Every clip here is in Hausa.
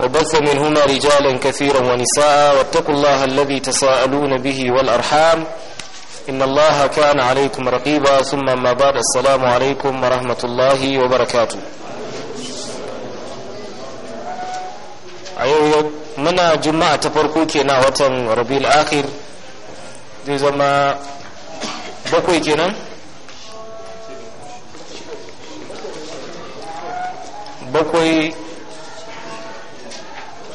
وبث منهما رجالا كثيرا ونساء واتقوا الله الذي تساءلون به والأرحام إن الله كان عليكم رقيبا ثم ما بعد السلام عليكم ورحمة الله وبركاته أيوه منا جمعة تفرقوكي نعوة ربي الآخر zai zama bakwai kenan bakwai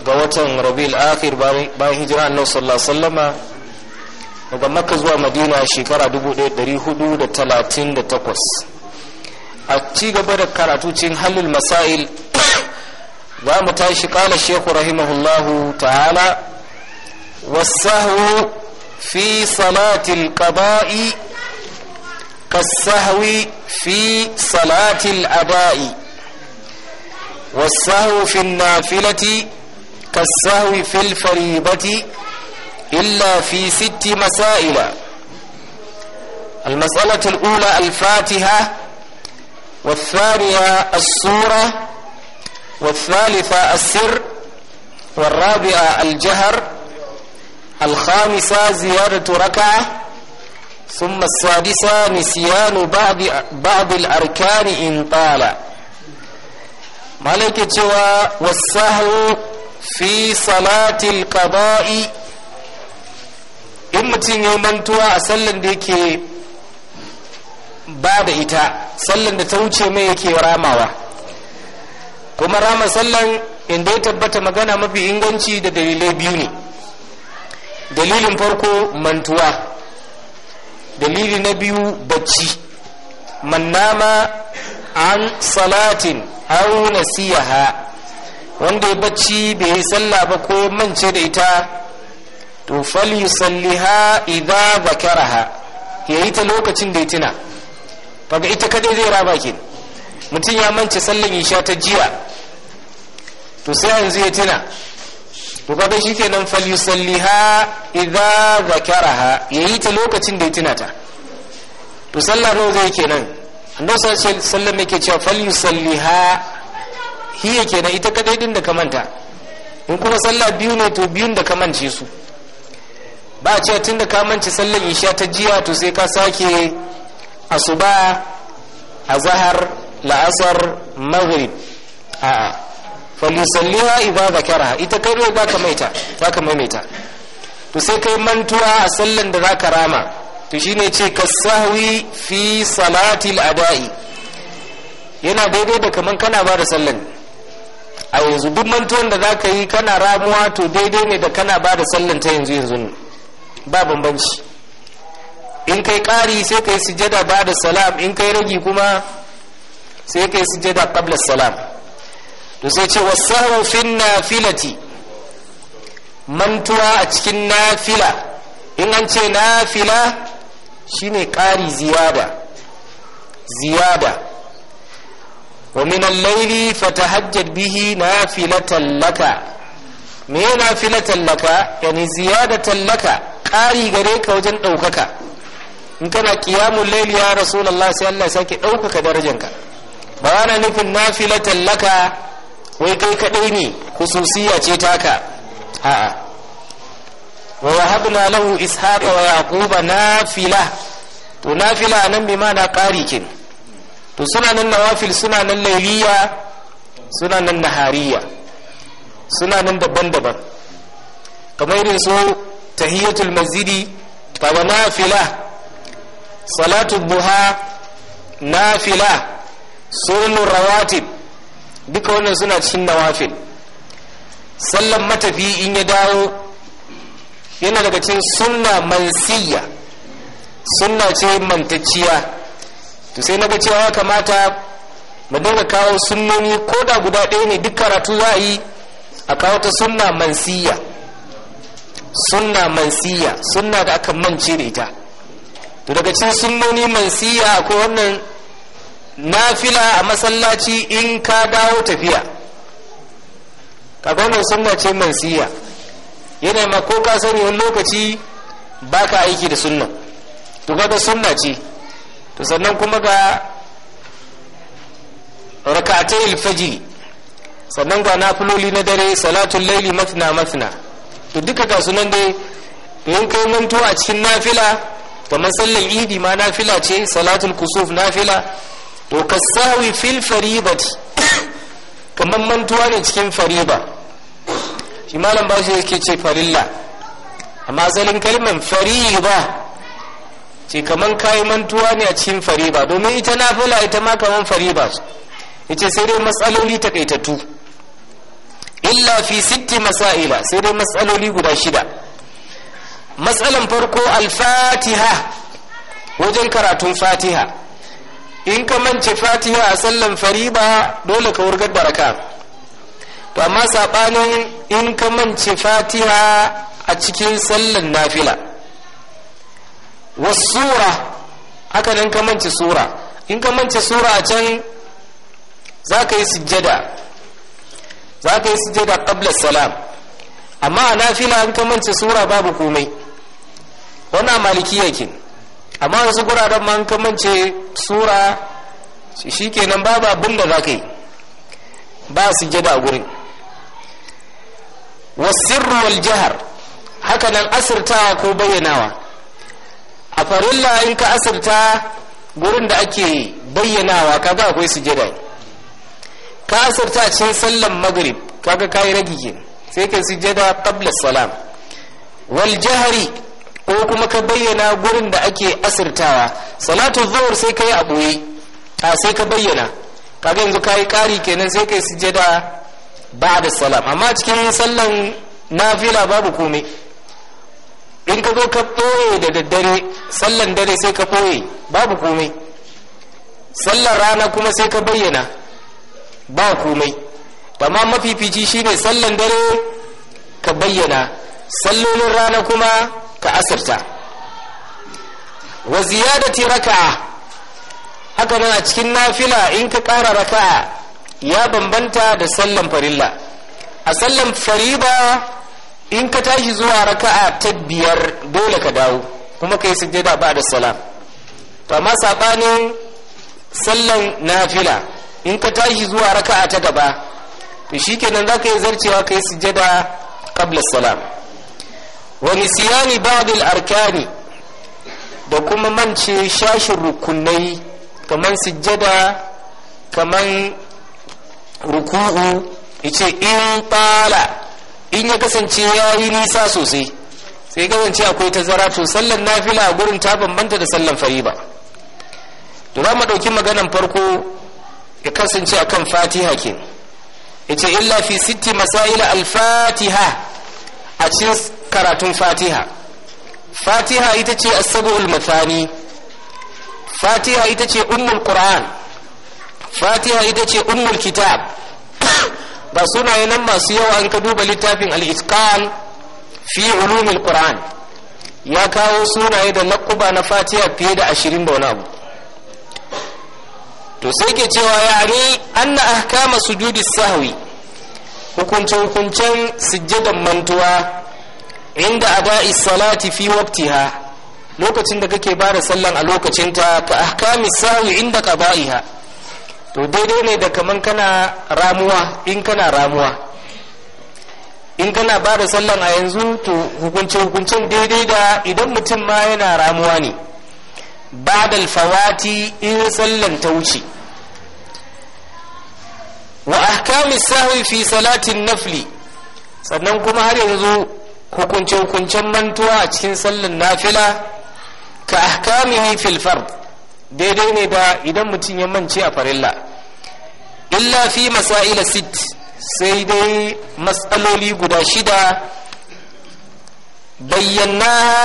ga watan rabil akhir bayan hijira annabi sallallahu alaihi wasallama daga makka zuwa madina shekara 1438 a ci gaba da karatu cikin halul masail za mu tashi kala shehu rahimahullahu ta'ala wasahu fi salatil qaba'i kasahwi fi salatil aba'i wasahu fi nafilati كالسهو في الفريضة إلا في ست مسائل المسألة الأولى الفاتحة والثانية السورة والثالثة السر والرابعة الجهر الخامسة زيادة ركعة ثم السادسة نسيان بعض, بعض الأركان إن طال مالك تشوى والسهو fi salatil qada'i in mutum ya mantuwa a sallan da yake ba da ita sallan da ta wuce mai yake ramawa kuma rama sallan inda ya tabbata magana mafi inganci da dalilai biyu ne dalilin farko mantuwa dalili na biyu bacci man nama an salatin aw nasiyaha wanda ya bacci bai yi sallah ba ko mance da ita to fal yusalliha idza zakaraha yayi ta lokacin da ya tuna faga ita kadai zai raba ke mutum ya mance sallan isha ta jiya to sai yanzu ya tuna to kaga shikenan fal yusalliha idza zakaraha yayi ta lokacin da ya tuna ta to sallar nawa zai kenan annabi sallallahu alaihi wasallam yake cewa fal yusalliha hiya kenan ita kadai din da ka manta in kuma sallah biyu ne to biyun da ka mance su ba a cewa tun da ka mance sallan isha ta jiya to sai ka sake asuba azhar la'asar maghrib a'a falisalliha idza zakara ita kai ne baka maita maimaita to sai kai mantuwa a sallan da zaka rama to shine ce ka sahwi fi salatil ada'i yana daidai da kaman kana ba da sallan a yanzu duk mantuwan da za ka yi kana ramuwa to daidai ne da kana ba da sallan ta yanzu yanzu ba bambanci in kai ƙari sai kai sujada ba da salam in kai ragi kuma sai kai sujada qabla salam to sai ce wasahu na nafilati mantuwa a cikin nafila in an ce nafila shine ƙari ziyada ziyada wa min al-layli fatahajjad bihi nafilatan laka me nafilatan laka yani ziyadatan laka ƙari gare ka wajen ɗaukaka in kana qiyamul layli ya rasulullah sai Allah sake ɗaukaka darajanka ba ana nufin nafilatan laka wai kai kaɗai ne hususiya ce taka a'a wa wahabna lahu ishaqa wa yaquba nafila to nafila nan bi mana ƙari kenan to suna nan nawafil suna nan lailiya suna nan nahariya suna nan daban-daban kamar irin so tahiyatul mazidi kaga nafila salatul buha nafila sunnu rawatib duka wannan suna cikin nawafil sallan matafi in ya dawo yana daga cikin sunna mansiya sunna ce mantacciya to sai na ga cewa ya kamata mu dinga kawo sunnoni ko da guda ɗaya ne duk karatu za a yi a kawo ta sunna mansiya sunna mansiya sunna da aka mance da ita to daga cikin sunnoni mansiya akwai wannan nafila a masallaci in ka dawo tafiya kaga wannan sunna ce mansiya yana ma ko ka sani wani lokaci baka aiki da sunna to kaga sunna ce to sannan kuma ga rakatai alfajiri sannan ga nafiloli na dare salatun laili mafina mafina to duka ga sunan dai yin kai manto a cikin nafila kamar sallar idi ma nafila ce salatun kusuf nafila to ka sawi fil faribat kamar mantuwa ne cikin fariba shi malam bashi yake ce farilla amma asalin kalmar fariba ce kaman kayi mantuwa ne a cikin fariba domin ita nafila ita ma kamar fariba ce yace sai dai matsaloli takaitattu illa fi sitti masaila sai dai matsaloli guda shida matsalan farko alfatiha wajen karatun fatiha in ka mance fatiha a sallan fariba dole ka wurgar da raka to amma sabanin in ka mance fatiha a cikin sallan nafila wasura haka nan ka mance sura in ka mance sura a can za ka yi sujjada za ka yi sujjada qabla salam amma a nafila in ka mance sura babu komai wannan maliki yake amma wasu guraren ma in ka mance sura shi kenan babu abin da za ka yi ba sujjada a gurin wasirru jihar haka nan asirtawa ko bayyanawa a farilla in ka asirta gurin da ake bayyanawa kaga akwai sujada ka asirta a cikin sallan maghrib kaga kayi ragi ke sai ka sujada qabla salam wal jahri ko kuma ka bayyana gurin da ake asirtawa salatu zuhur sai ka a boye a sai ka bayyana kaga yanzu ka kari kenan sai ka sujada ba da salam amma cikin sallan nafila babu komai in ka zo ka ɓoye da daddare sallan dare sai ka ɓoye babu komai sallan rana kuma sai ka bayyana ba komai amma mafifici shine sallan dare ka bayyana sallolin rana kuma ka asirta wa ziyadati raka'a haka nan a cikin nafila in ka ƙara raka'a ya bambanta da sallan farilla a sallan fariba in ka tashi zuwa raka'a ta biyar dole ka dawo kuma kai sujjada ba da salam to amma sabanin sallan nafila in ka tashi zuwa raka'a ta gaba to shikenan za ka yi zarcewa kai sujjada qabla salam wa nisyani ba'd arkani da kuma mance shashin rukunai kaman sujjada kaman ruku'u yace in tala in ya kasance ya yi nisa sosai sai kasance akwai tazara to sallan nafila a gurin ta bambanta da sallan fariba to za mu ɗauki maganan farko ya kasance akan fatiha ke ce illa fi sitti masaila al a cikin karatun fatiha fatiha ita ce a mathani fatiha ita ce ummul qur'an fatiha ita ce ummul kitab ga sunaye nan masu yawa in ka duba littafin al-itqan fi ulumul qur'an ya kawo sunaye da naquba na fatiha fiye da ashirin da wani to sai ke cewa yani anna ahkama sujudi sahwi hukunce hukuncen sujjadan mantuwa inda ada'i salati fi waqtiha lokacin da kake bada sallan a lokacinta ka ahkami sahwi inda qada'iha to daidai ne da kaman kana ramuwa in kana ramuwa in kana ba da sallan a yanzu to hukunce-hukuncen daidai da idan mutum ma yana ramuwa ne ba da alfawati in sallan ta wuce wa ahkami sahwi fi salatin nafli sannan kuma har yanzu hukunce-hukuncen mantuwa a cikin sallan nafila ka ahkami fil fard daidai ne da idan mutum ya mance a farilla illa fi masa'ila sit sai dai matsaloli guda shida bayyana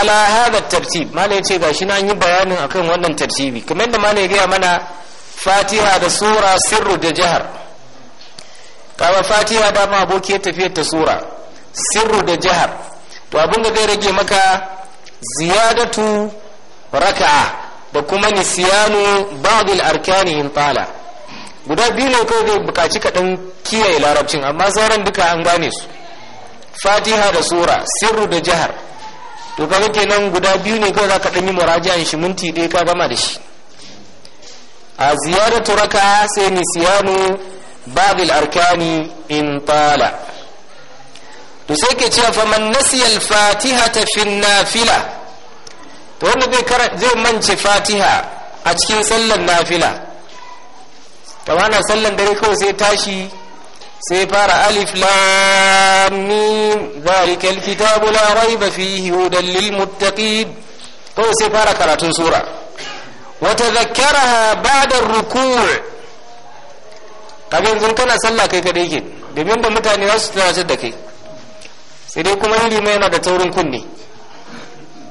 ala hada tartib malai ce gashi na yi bayanin akan wannan tartibi kamar da malai gaya mana fatiha da sura sirru da jihar kama fatiha da ma ya tafiya ta sura sirru da jihar to abin da zai rage maka ziyadatu raka'a da kuma nisiyanu ba'dul arkanihim tala guda biyu ne kawai zai bukaci kaɗan kiyaye larabcin amma sauran duka an gane su fatiha da sura sirru da jihar to kaga kenan guda biyu ne kawai zaka ɗan yi murajiyan shi minti ɗaya ka gama da shi a ziyaratu raka sai nisiyanu babil arkani in tala to sai ke cewa faman nasiya Fatiha ta fi nafila wanda zai mance fatiha a cikin sallan nafila kamar sallan dare kawai sai tashi sai fara alif lamin zalikal kitabu la raiba fihi hudan lil muttaqin kawai sai fara karatun sura wata tadhakkaraha ba'da ar-ruku' kaga kana sallah kai kadai ke domin da mutane za su tunatar da kai sai dai kuma ilimi yana da taurin kunne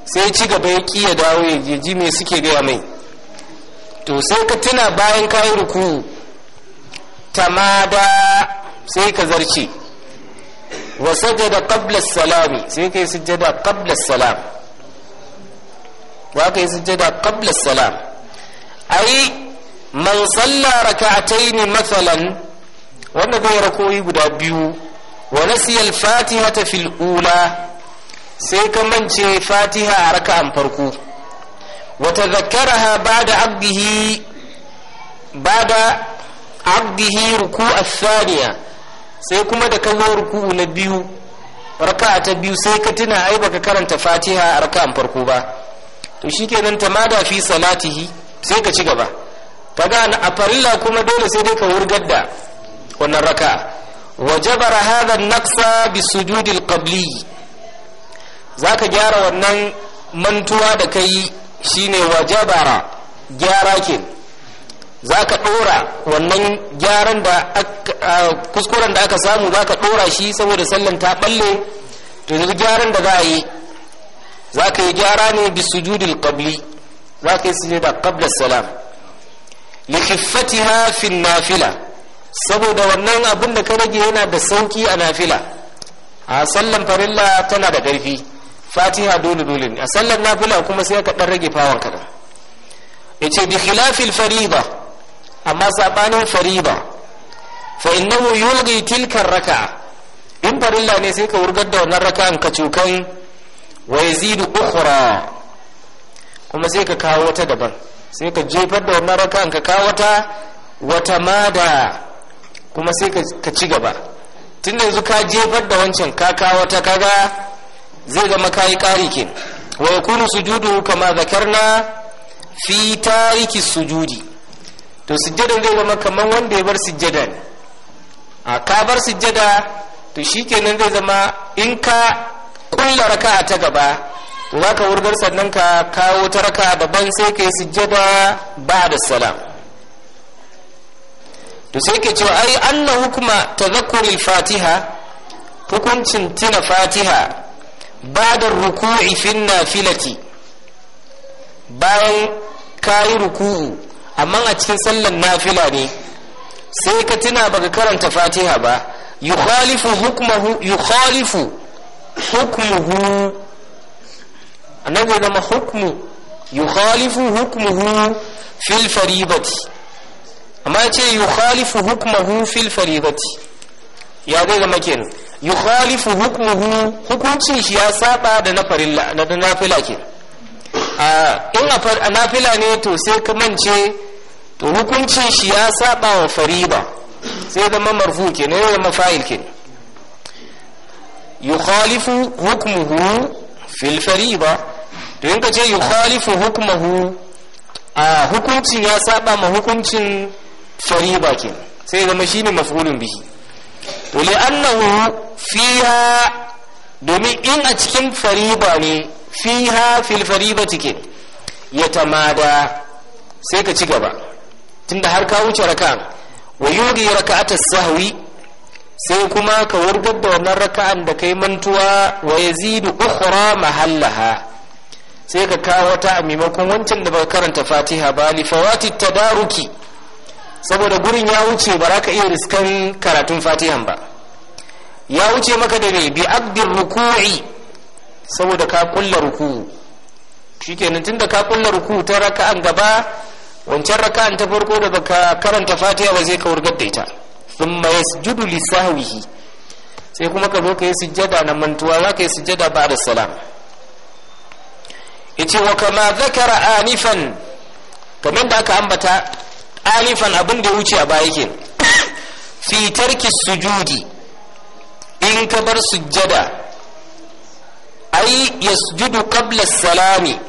sai ci gaba ya ƙi ya dawo ya ji me suke gaya mai to sai ka tuna bayan kayi ruku tamada sai ka zarce wa sajada qabla salami sai ka yi sujjada qabla salam wa ka yi sujjada qabla salam ai man salla raka'atayn mathalan wanda bai rakoyi guda biyu wa nasiya al-fatihata fil ula sai ka mance fatiha a raka'an farko wata zakaraha ba da abdihi ba da abdihi ruku a saniya sai kuma da kawo ruku na biyu raka ta biyu sai ka tuna ai baka karanta fatiha a raka'an farko ba to shi shikenan da fi salatihi sai ka ci gaba gane a farilla kuma dole sai dai ka wurgar da wannan raka wajabara hadha an-naqsa bi sujudil qabliyyi za ka gyara wannan mantuwa da ka yi ne wajabara gyara ke za ka ɗora wannan gyaran da kuskuren da aka samu za ka ɗora shi saboda sallan ta ɓalle to yanzu gyaran da za a yi za ka yi gyara ne bi sujudil qabli za ka yi su sujuda qabla salam li khiffatiha fi nafila saboda wannan abin da ka rage yana da sauki a nafila a sallan farilla tana da ƙarfi fatiha dole dole ne a sallar nafila kuma sai ka dan rage fawon dan yace bi khilafil fariba amma sabanin fariba fa innahu yulghi tilka raka'a in farilla ne sai ka wurgar da wannan raka'an ka cukan wa yazidu ukhra kuma sai ka kawo wata daban sai ka jefar da wannan raka'an ka kawo wata wata mada kuma sai ka ci gaba tun yanzu ka jefar da wancan ka kawo wata kaga zai zama kayi kari ke wa yakunu sujudu kama na fi tariki sujudi to sujjadan zai zama kamar wanda ya bar sujjada ne a ka bar sujjada to shi nan zai zama in ka kulla raka'a ta gaba to za ka wurgar sannan ka kawo ta raka babban sai kai sujjada ba da salam to sai ke cewa ai na hukuma ta tadhakkuril fatiha hukuncin tina fatiha bada ruku'i fin nafilati bayan kayi ruku'u amma a cikin sallan nafila ne sai ka tuna baka karanta fatiha ba yukhalifu hukmuhu yukhalifu hukmuhu annabi zama hukmu yukhalifu hukmuhu fil faribati amma ya ce yukhalifu hukmuhu fil faribati ya zai zama kenan yukhalifu hukmuhu hukuncin shi ya saba da nafila a nafila ne to sai ka mance to hukuncin shi ya saba wa fariba sai zama marfu ke ne zama fa'il ke yukhalifu hukmuhu fil fariba to in ka ce yukhalifu hukmuhu hukuncin ya saba ma hukuncin fariba ke sai zama shine maf'ulun biki. wuli annahu fiha domin in a cikin fariba ne fiha fil fariba tike ya tamada sai ka ci gaba tunda har ka wuce raka wa raka ta sahwi sai kuma ka wargar da wannan raka'an da kai mantuwa wa yazidu ukhra mahallaha sai ka kawo ta a maimakon wancan da baka karanta fatiha ba li ta daruki. saboda gurin ya wuce ba za ka iya riskan karatun fatihan ba ya wuce maka da mai bi abdin ruku'i saboda ka kulla ruku ruku'u shikenan tunda ka kulla ruku ta raka'an gaba wancan raka'an ta farko da baka karanta fatiha ba zai ka wurgar da ita thumma yasjudu li sahwihi sai kuma ka zo ka yi sujjada na mantuwa za ka yi sujjada ba da salam yace wa kama zakara anifan kamar da aka ambata alifan abin da ya wuce a baya ke fitar ki sujudi in ka bar sujjada ai sujudu kabla salami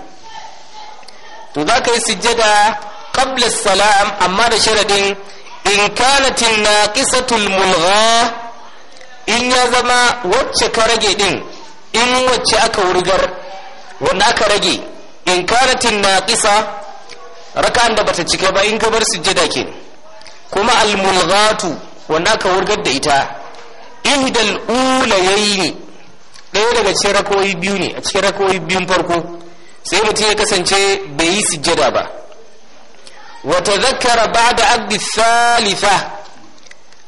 to za ka yi sujada kabla salam amma da sharadin in kanatin kisa mulgha in ya zama wacce ka rage din in wacce aka wurgar wanda aka rage in kanatin kisa. raka'an da bata cike ba in ka bar sujjada ke kuma al al-mulghatu wanda ka wurgar da ita ihdal ulayayni ɗaya daga cikin rakoyi biyu ne a cikin rakoyi biyun farko sai mutum ya kasance bai yi sujjada ba wa tadhakkara ba'da abdi thalitha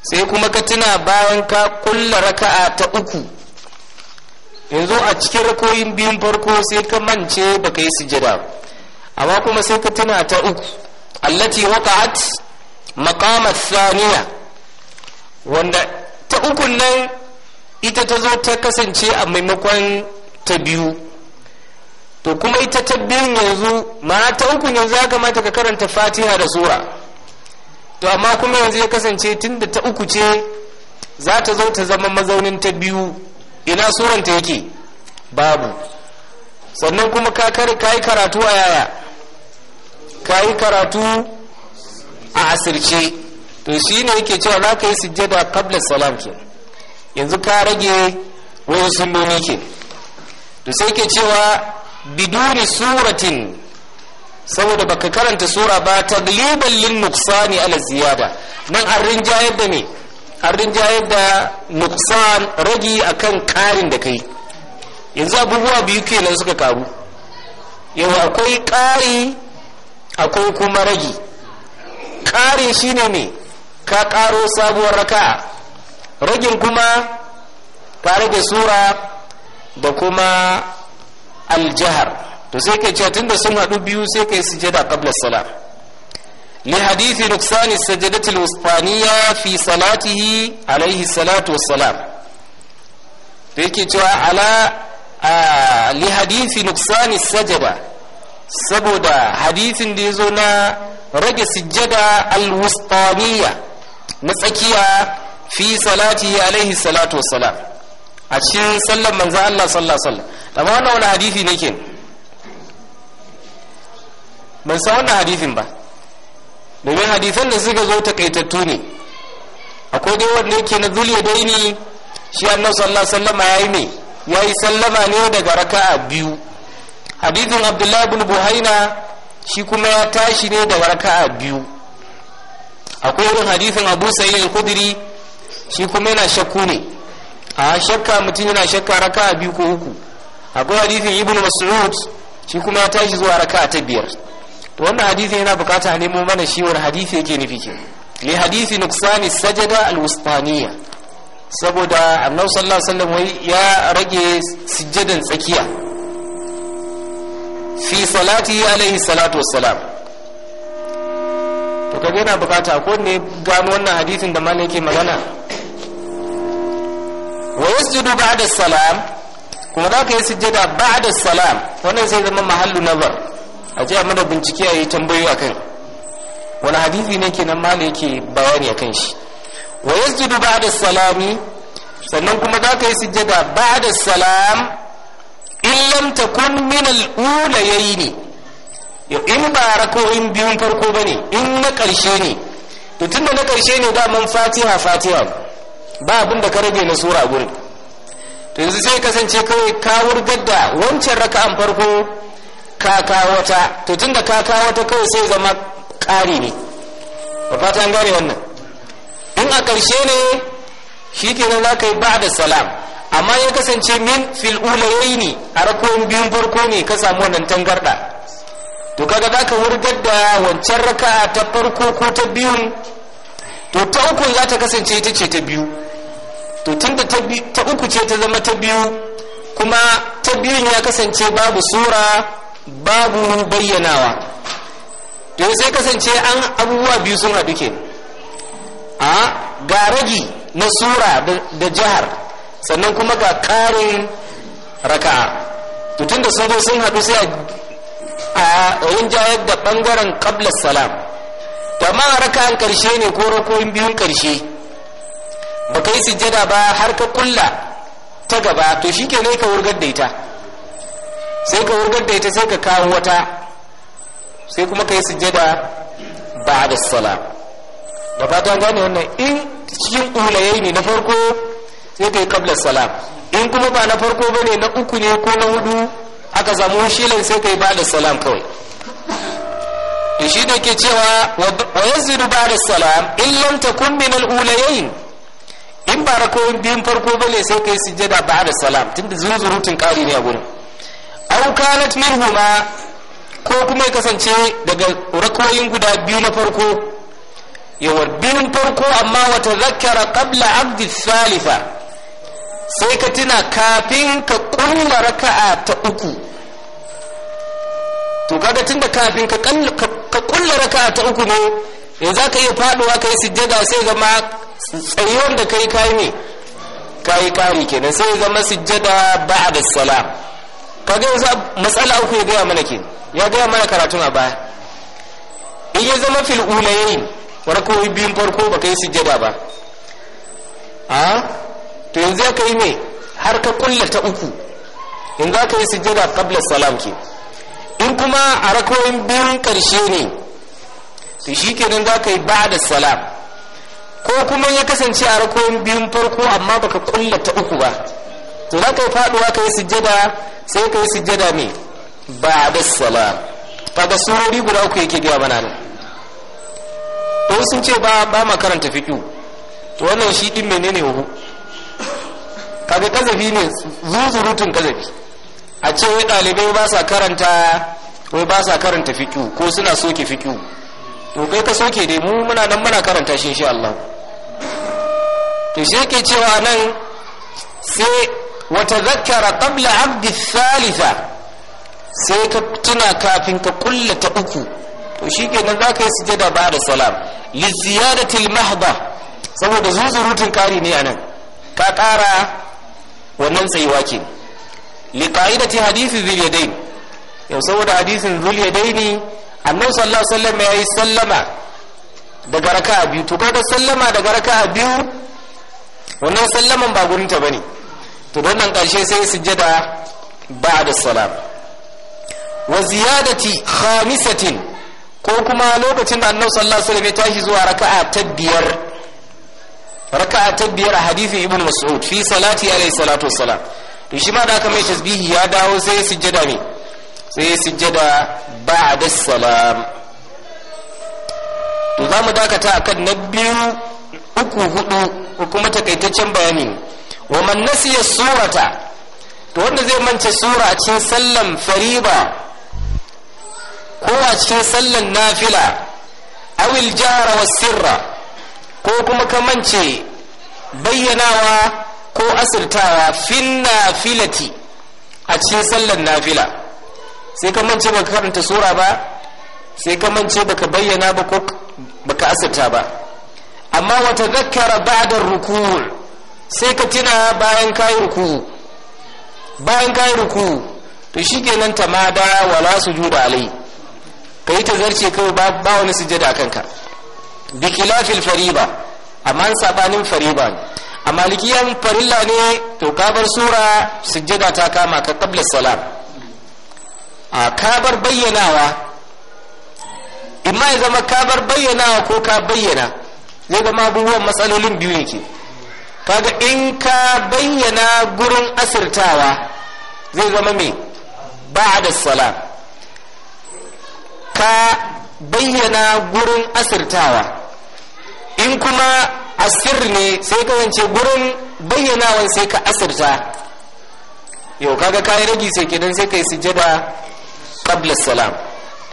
sai kuma ka tuna bayan ka kulla raka'a ta uku yanzu a cikin rakoyin biyun farko sai ka mance baka yi sujjada ba amma kuma sai ka tuna ta uku allati waqa'at maqama thaniya wanda ta uku nan ita ta zo ta kasance a maimakon ta biyu to kuma ita ta biyun yanzu ma ta uku yanzu ya kamata ka karanta fatiha da sura to amma kuma yanzu ya kasance tunda ta uku ce za ta zo ta zama mazaunin ta biyu ina suranta yake babu sannan kuma ka yi karatu a yaya ka yi karatu a asirce to shi ne yake cewa za ka yi sujjada kabla salam ke yanzu ka rage wani sunnoni ke to sai ke cewa biduri suratin saboda baka karanta sura ba ta lin nuqsani ala ziyada nan an rinjayar da ne an rinjayar da nuqsan ragi akan karin da kai yanzu abubuwa biyu kenan suka karu yau akwai ƙari. akwai kuma ragi ƙari shi ne ka ƙaro sabuwar raka'a ragin kuma tare da sura da kuma aljihar to sai kai cewa tunda sun haɗu biyu sai ka kai sujada qabla salam li hadithi nuqsan sajdati alwustaniyya fi salatihi alaihi salatu wassalam to yake cewa ala li hadithi nuqsan sajada saboda hadisin da ya zo na rage sujjada alwustaniya na tsakiya fi salati alaihi salatu wassalam a cikin sallar manzo Allah sallallahu alaihi wasallam amma wannan wani hadithi ne ke ban san wannan hadithin ba domin hadithan da suka zo takaitattu ne akwai dai wanda yake na zuliya dai ne shi annabi sallallahu alaihi wasallam yi ne ya yi sallama ne daga raka'a biyu hadithin abdullahi bin buhaina shi kuma ya tashi ne da warka a biyu akwai wurin hadithin abu sa'id al-khudri shi kuma yana shakku ne a shakka mutum yana shakka a biyu ko uku akwai hadithin ibn mas'ud shi kuma ya tashi zuwa raka'a ta biyar to wannan hadithin yana bukata nemo mana shi wani hadithi yake nufi ke li hadithi nuksani sajada al-wustaniya saboda annabi sallallahu alaihi wasallam ya rage sijjadan tsakiya fi salati alaihi salatu wassalam to kaga yana bukata ko ne gano wannan hadisin da malai ke magana wa yasjudu ba'da salam kuma da ka yi sujjada ba'da salam wannan sai zama mahallu nazar a ce mana bincike a yi tambayoyi akan wani hadisi ne ke nan malai ke bayani akan shi wa yasjudu ba'da salami sannan kuma da ka yi sujjada ba'da salam in lam takun min al-ulayayn in ba in biyun farko bane in na karshe ne to tunda na karshe ne da man fatiha fatiha ba abin da ka rage na sura gurin to yanzu sai kasance kawai ka wurgar da wancan raka'an farko ka wata to tunda ka wata kawai sai zama ƙari ne ba fata an gane wannan in a karshe ne shi kenan za ka yi ba da salam amma ya kasance min fil ne a rakon biyun farko ne ka samu wannan tangarda to kaga za ka wurgar da wancan raka ta farko ko ta biyun to ta uku za ta kasance ita ce ta biyu to tunda ta uku ce ta zama ta biyu kuma ta biyun ya kasance babu sura babu bayyanawa to sai kasance an abubuwa biyu sun haɗu ke a ah, ga ragi na sura da jihar sannan kuma ga karin raka'a tutun da sun zo sun haɗu sai a yin jayar da ɓangaren ƙablar salam to amma a raka'an ƙarshe ne ko rakoyin biyun ƙarshe ba kai sujjada ba har ka kulla ta gaba to shi ke ka wurgar da ita sai ka wurgar da ita sai ka kawo wata sai kuma ka yi sujjada ba da salam da fatan gane wannan in cikin ƙulayai ne na farko sai kai kabla salam in kuma ba na farko bane na uku ne ko na hudu aka samu shilin sai kai ba da salam kawai shi da ke cewa wa yazidu ba da salam in lam takun min al-ulayayn in ba rakoyin biyun farko bane sai kai sujjada ba da salam tunda tun kari ne a gurin aw kanat minhuma ko kuma ya kasance daga rakoyin guda biyu na farko yawar biyun farko amma wata zakkara kabla abdi salifa. sai ka tuna kafin ka kulla raka'a ta uku to kaga tunda kafin ka kulla raka'a ta uku ne in eh, za ka iya faduwa ka yi sujjada sai zama tsayuwar da kai kayi ne kayi kari kenan sai zama sujjada ba'da salam kaga yanzu matsala uku ya gaya mana ke ya gaya mana karatun a baya in ya zama fil ulayayin warko biyun farko ka yi sujjada ba a ah? to yanzu ya kai mai har ka kulle ta uku in za ka yi sujjada qabla salam ke in kuma a rakoyin biyun karshe ne to shi kenan za ka yi ba'da salam ko kuma ya kasance a rakoyin biyun farko amma ba ka kulle ta uku ba to za ka yi faduwa ka yi sujjada sai ka yi sujjada mai ba'da salam kaga surori guda uku yake gaya mana nan to sun ce ba ba makaranta fiqh to wannan shi din menene hu kaga kazafi ne zuzurutun kazafi a ce wai dalibai ba sa karanta wai ba sa karanta ko suna soke fiƙi to kai ka soke dai mu muna nan muna karanta shi insha Allah to shi yake cewa nan sai wata zakara qabla abdi thalitha sai ka tuna kafin ka kulla ta uku to shi ke nan zaka yi sujada ba da salam li ziyadatil mahda saboda zuzurutun kari ne anan ka kara. wannan tsayuwa ke li qa'idati hadithi dhul yadayn yau saboda hadithin dhul yadayn annabi sallar alaihi ya yi sallama daga raka'a biyu to kaga sallama daga raka'a biyu wannan sallaman ba gurin ta ne to don nan ƙarshe sai ba da salam wa ziyadati khamisatin ko kuma lokacin da annabi sallar alaihi wasallam ya tashi zuwa raka'a ta biyar raka'a ta biyar a hadithin ibn mas'ud fi salati alayhi salatu wassalam to shi ma da aka mai tasbihi ya dawo sai sujjada ne sai sujjada ba'da salam to za mu dakata akan na biyu uku hudu ko kuma takaitaccen bayani wa man nasiya surata to wanda zai mance sura a cikin sallan fariba ko a cikin sallan nafila awil jara was sirra ko kuma ka mance bayyanawa ko asirtawa fin filati a cikin sallar nafila sai ka mance baka karanta sura ba sai ka mance baka bayyana ba ko baka asirta ba amma wata zakkara ba'da ruku' sai ka tuna bayan kayi ruku bayan kayi ruku to ma tamada wala sujuda alai ka yi ta zarce kawai ba wani sujada kanka bi khilafil fariba amma sabanin fariba ne a malikiyan farilla ne to kabar sura sujjada ta kama ka qabla salam a kabar bayyanawa imma ya zama kabar bayyanawa ko ka bayyana zai zama abubuwan matsalolin biyu yake kaga in ka bayyana gurin asirtawa zai zama mai ba'da salam ka bayyana gurin asirtawa in kuma asir ne sai ka wance gurin bayyanawan sai ka asirta yau kaga kayi ragi sai kidan sai ka yi sujjada qabla salam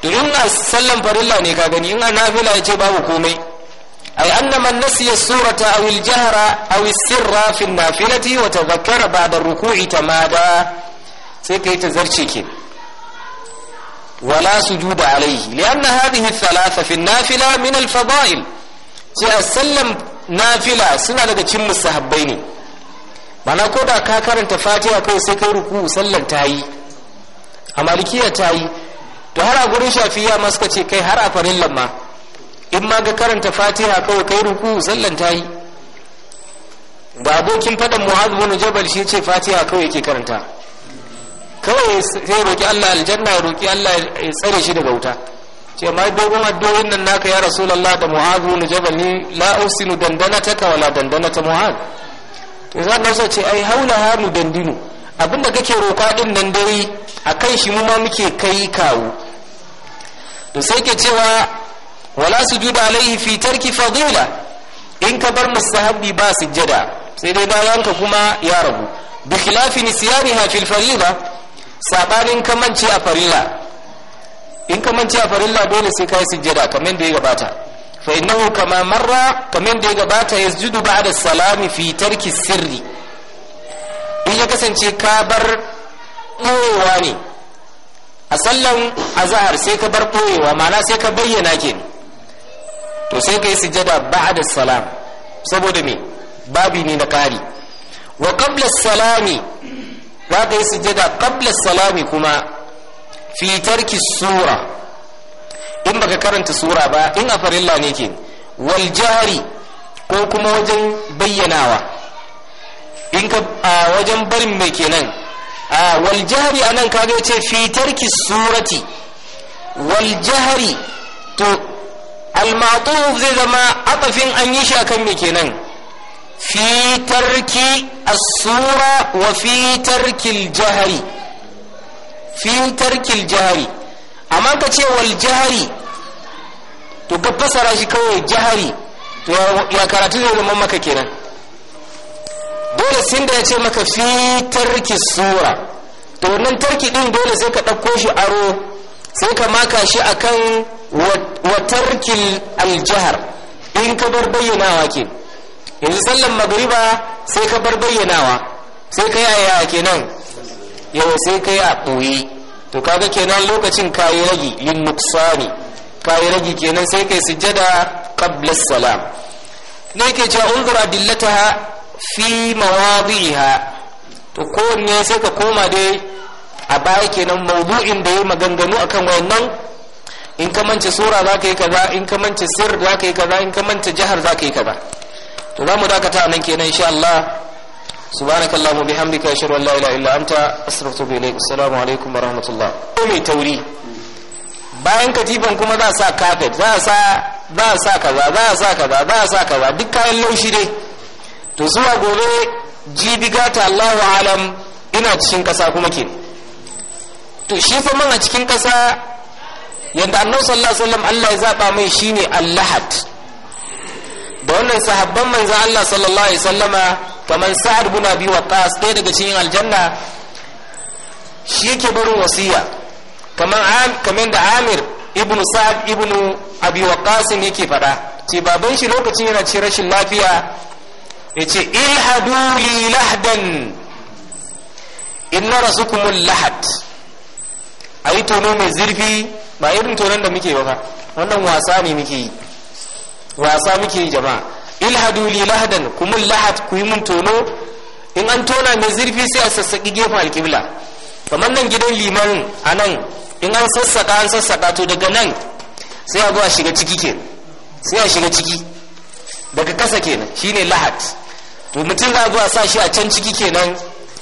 in a sallan farilla ne ka gani in a nafila ya ce babu komai ay anna man nasiya surata aw al jahra aw al sirra fi an nafilati wa tadhakkara ba'da ar-ruku'i tamada sai kai ta zarce kenan ولا سجود عليه لأن هذه الثلاثة في النافلة من الفضائل سيسلم نافلة سنة لك تشم السهبين معنى كودا كاكار انت فاتحة كو سكو ركو سلم تاي أمالكية تاي to har a gurin shafiya ma ce kai har a farillan ma in ma ga karanta kawai kai sallan ta yi ga abokin faɗan muhammadu jabal shi ce fatiha kawai yake karanta kawai sai roƙi Allah aljanna ya roƙi Allah ya tsare shi daga wuta ce mai dogon addu'o'in nan naka ya rasulullah da mu'adhu na jabal ni la usinu ka wala ta mu'adh to zan nasa ce ai haula hanu dandinu abinda kake roƙa din nan dare akan shi mu ma muke kai kawo to sai ke cewa wala sujuda alaihi fi tarki fadila in ka bar musahabi ba sujjada sai dai bayan ka kuma ya rabu bi khilafi ha fil fariida sabanin kamanci a farilla in kamanci a farilla dole sai kai sujjada kamar da ya gabata fa innahu kama marra kamar da ya gabata yasjudu ba'da salami fi tarki sirri in ya kasance ka bar ɓoyewa ne a sallan azahar sai ka bar ɓoyewa ma'ana sai ka bayyana ke to sai ka yi sujjada ba'da salam saboda me babi ne na kari wa qabla salami za ka yi sujjada qabla salami kuma fi tarki sura in baka karanta sura ba in a farilla ne ke wal jahari ko kuma wajen bayyanawa in ka a wajen barin mai kenan a wal jahari nan kaga ce fi tarki surati wal jahari to al zai zama atafin an yi shi akan mai kenan fitar ki. as-sura wa fi tarkil jahri fi tarkil jahri amma ka ce wal jahri to ka fasara shi kawai jahri to ya karatu da zama maka kenan dole sin da ya ce maka fi tarki sura to wannan tarki din dole sai ka ɗauko shi aro sai ka maka shi akan wa tarkil aljahar in ka bar bayyanawa ke yanzu sallan magriba sai ka bar bayyanawa sai ka yaya kenan yau sai ka a ɓoye to kaga kenan lokacin kayi ragi lin nuksani kayi ragi kenan sai kai sujjada qabla salam ne ke cewa unzur adillataha fi mawadiha to ne sai ka koma dai a baya kenan maudu'in da ya maganganu akan wayannan in ka mance sura za ka yi kaza in ka mance sir za ka yi kaza in ka mance jihar za ka yi kaza to za mu dakata a nan kenan insha Allah subhanaka allahumma bihamdika ashhadu an la ilaha illa anta astaghfiruka wa atubu salamu alaikum wa rahmatullah mai tauri bayan katifan kuma za a sa carpet za a sa za a sa kaza za a sa kaza za a sa kaza duk kayan laushi dai to zuwa gobe jibiga ta Allahu alam ina cikin kasa kuma ke to shi fa man a cikin kasa yadda annabi sallallahu alaihi wasallam Allah ya zaba mai shine al-lahad da wannan sahabban manzan Allah sallallahu alaihi sallama kamar sa'ad bin abi waqas ɗaya daga cikin aljanna shi yake barin wasiya kamar kaman da Amir ibn Sa'ad ibn Abi Waqqas yake faɗa ce baban shi lokacin yana ce rashin lafiya yace ilhadu li lahdan inna rasukumul lahad ayi tono mai zurfi ba irin tonon da muke ba wannan wasa ne muke yi wasa muke yi jama'a ilhadu li lahadan kuma lahad ku yi mun tono in an tona mai zurfi sai a sassaƙi gefen alƙibla kamar nan gidan liman a nan in an sassaƙa an sassaƙa to daga nan sai a zo a shiga ciki ke sai a shiga ciki daga kasa kenan shine lahad to mutum za a zo a sa shi a can ciki kenan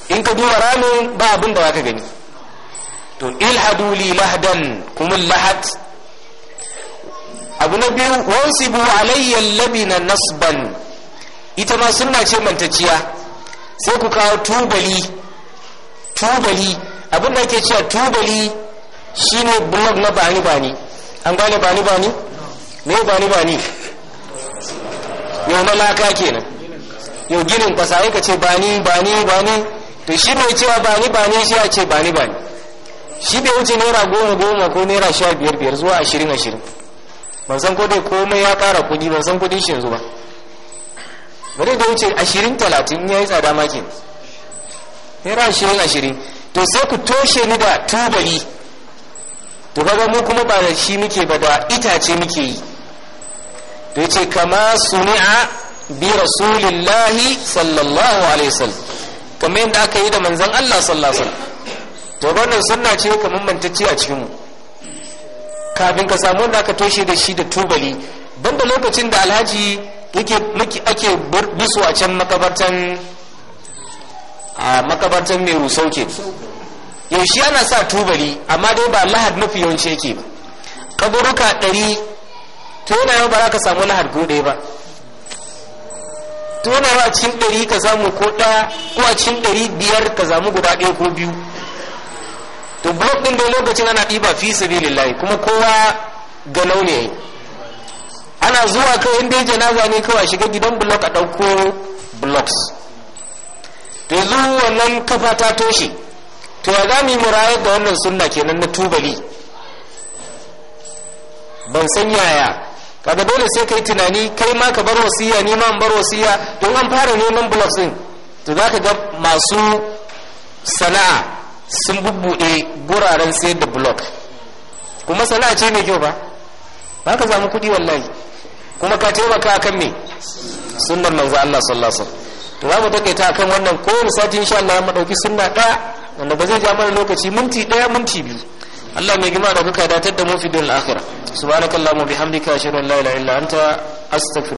in ka duba ramin ba abin da ka gani to ilhadu li lahadan kuma lahad abu na biyu alayyar alayya labina nasban ita ma suna ce mantaciya sai ku kawo tubali tubali abin da ake cewa tubali shine blog na bani bani an gane bani bani me bani bani yau na laka kenan yau ginin kwasa ka ce bani bani bani to shi mai cewa bani bani shi ya ce bani bani shi bai wuce naira goma goma ko naira sha biyar biyar zuwa ashirin ashirin ban san ko dai komai ya kara kudi ban san kudin shi yanzu ba bari da wuce ashirin talatin ya yi tsada maki ra ashirin ashirin to sai ku toshe ni da tubali to kaga mu kuma ba da shi muke ba da itace muke yi to yace kama suni'a bi rasulillahi sallallahu alaihi wasallam kamar yadda aka yi da manzon Allah sallallahu alaihi wasallam to wannan sunna ce kamar mantacce a cikin mu kafin ka samu wanda aka toshe da shi da tubali banda lokacin da alhaji yake ake bisu a can makabartan a makabartan mai rusau ke yaushe ana sa tubali amma dai ba lahad mafi yawanci yake ba kaburuka ɗari to yana yau ba za ka samu lahad ko ɗaya ba to yana yau a cikin ɗari ka samu ko ɗaya ko a cikin ɗari biyar ka samu guda ɗaya ko biyu to blok din dai lokacin ana ɗiba fi sabilillahi kuma kowa ga launi yayi ana zuwa kai inda ya janaza ne kawai shiga gidan blok a ɗauko blocks to yanzu wannan kafa ta toshe to ya gami murayar da wannan sunna kenan na tubali ban san yaya kaga dole sai kai tunani kai ma ka bar wasiya ni ma bar wasiya don an fara neman blocks din to zaka ga masu sana'a sun bubbuɗe guraren sayar da blog kuma sana ce mai kyau ba ba ka samu kuɗi wallahi kuma ka taimaka akan me sunnar manzo Allah sallallahu alaihi to za mu takaita akan wannan ko sati insha Allah mu dauki sunna ɗaya wanda ba zai ja mana lokaci minti ɗaya minti biyu Allah mai gima da kuka datar da mu fi dun akhirah subhanakallahumma bihamdika ashhadu an la ilaha illa anta astaghfiruka